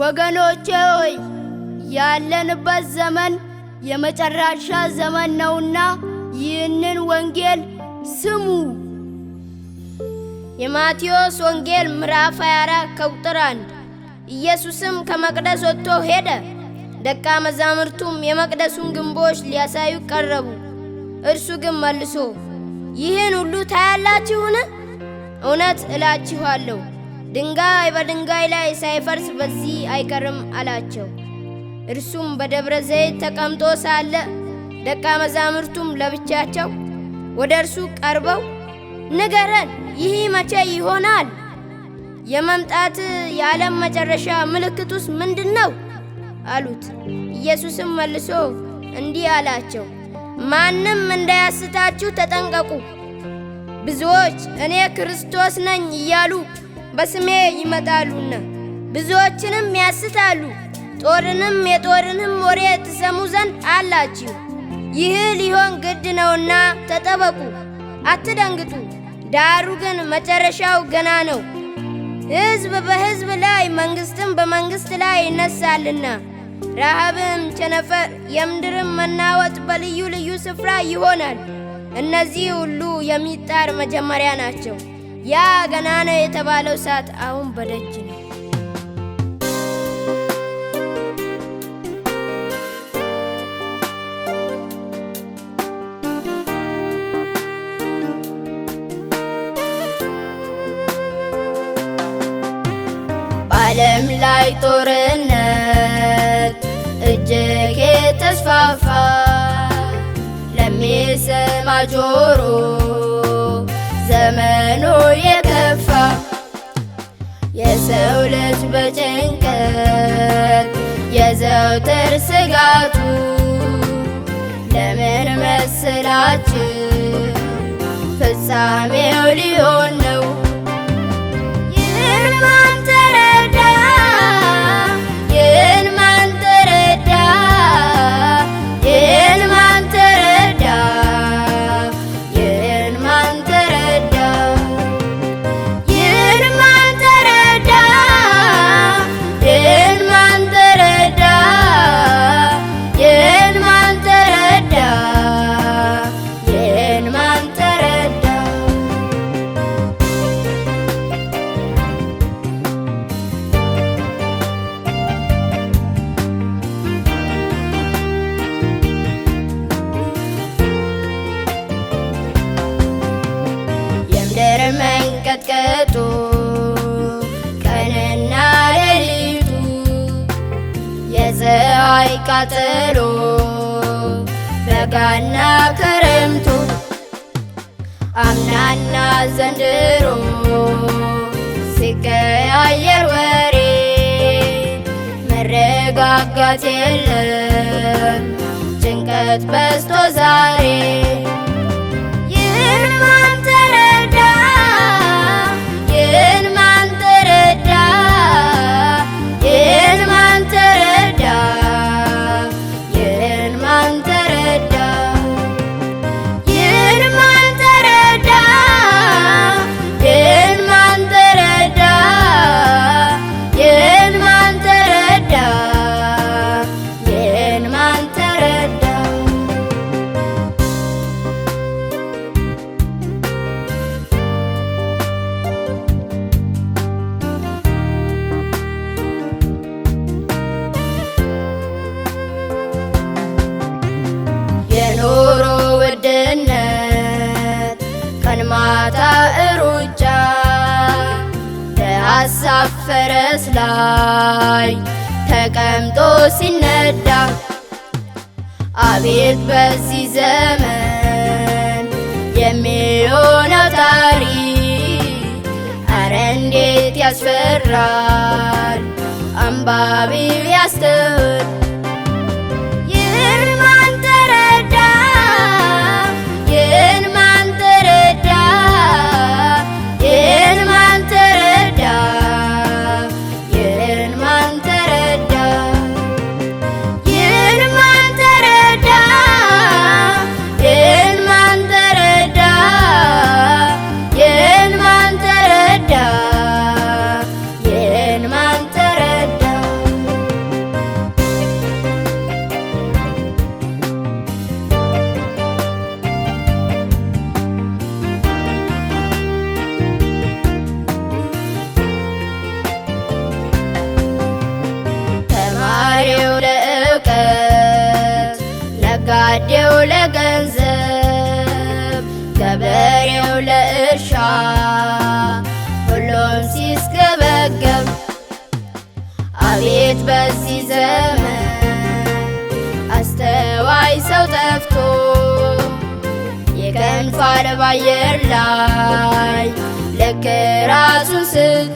ወገኖቼ ሆይ ያለንበት ዘመን የመጨረሻ ዘመን ነውና ይህንን ወንጌል ስሙ። የማቴዎስ ወንጌል ምዕራፍ 24 ከቁጥር 1 ኢየሱስም ከመቅደስ ወጥቶ ሄደ። ደቀ መዛሙርቱም የመቅደሱን ግንቦች ሊያሳዩ ቀረቡ። እርሱ ግን መልሶ ይህን ሁሉ ታያላችሁን? እውነት እላችኋለሁ ድንጋይ በድንጋይ ላይ ሳይፈርስ በዚህ አይቀርም አላቸው። እርሱም በደብረ ዘይት ተቀምጦ ሳለ ደቀ መዛሙርቱም ለብቻቸው ወደ እርሱ ቀርበው ንገረን፣ ይህ መቼ ይሆናል? የመምጣት የዓለም መጨረሻ ምልክቱስ ምንድን ነው? አሉት። ኢየሱስም መልሶ እንዲህ አላቸው፣ ማንም እንዳያስታችሁ ተጠንቀቁ። ብዙዎች እኔ ክርስቶስ ነኝ እያሉ በስሜ ይመጣሉና ብዙዎችንም ያስታሉ። ጦርንም የጦርንም ወሬ ትሰሙ ዘንድ አላችሁ። ይህ ሊሆን ግድ ነውና ተጠበቁ፣ አትደንግጡ። ዳሩ ግን መጨረሻው ገና ነው። ሕዝብ በሕዝብ ላይ መንግሥትም በመንግሥት ላይ ይነሳልና ረሃብም፣ ቸነፈር፣ የምድርም መናወጥ በልዩ ልዩ ስፍራ ይሆናል። እነዚህ ሁሉ የሚጣር መጀመሪያ ናቸው። ያ ገናና የተባለው ሰዓት አሁን በደጅ ነው። የሰው ልጅ በጭንቀት የዘውትር ስጋቱ ለምን መሰላችሁ ፍጻሜው ሊሆን ቃጠሎ በጋና ክረምቱ አምናና ዘንድሮ ሲቀያየር ወሬ መረጋጋት የለም ጭንቀት በዝቶ ዛሬ ሀሳብ ፈረስ ላይ ተቀምጦ ሲነዳ አቤት በዚህ ዘመን የሚሆነው ታሪክ አረ እንዴት ያስፈራል አንባቢው ያስተ ነጋዴው ለገንዘብ፣ ገበሬው ለእርሻ ሁሉም ሲስገበገብ አቤት በዚህ ዘመን አስተዋይ ሰው ጠፍቶ የከንቱ አረብ ላይ ልክ ራሱን ስቶ